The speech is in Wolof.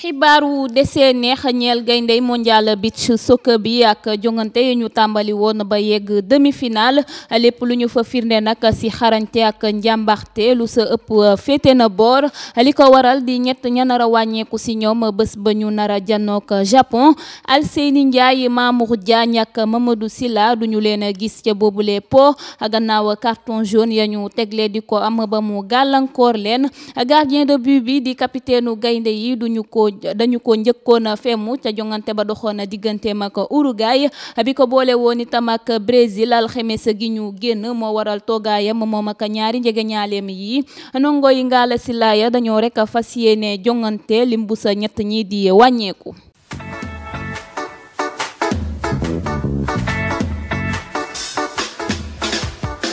xibaaru desee neex ñeel gayndey mondial beach soccer bi ak jongante yi ñu tàmbali woon ba yegg demi-finale lépp lu ñu fa firnde nag si xarañte ak njàmbaxte lu sa ëpp féete na boor li ko waral di ñett ña nar wàññeeku si ñoom bés ba ñu nar a janook Japon Alseyni Ndiaye Mamour Diagne ak Mamadou sila du ñu leen a gis ca boobule po gannaaw carton jaune ya ñu tegle di ko am ba mu gàllankoor leen gardien de but bi di capitaine gaynde yi duñu ko dañu ko njëkkoon a femu ca jongante ba doxoon digganteem ak Uruguay bi ko boole woon itam ak Brésil sa gi ñu génn moo waral toogaayam moom ak ñaari njege ñaaleem yi nongo yi ngaala si laaya dañoo rek fas yéene jongante limbu sa ñett ñi di wàññeeku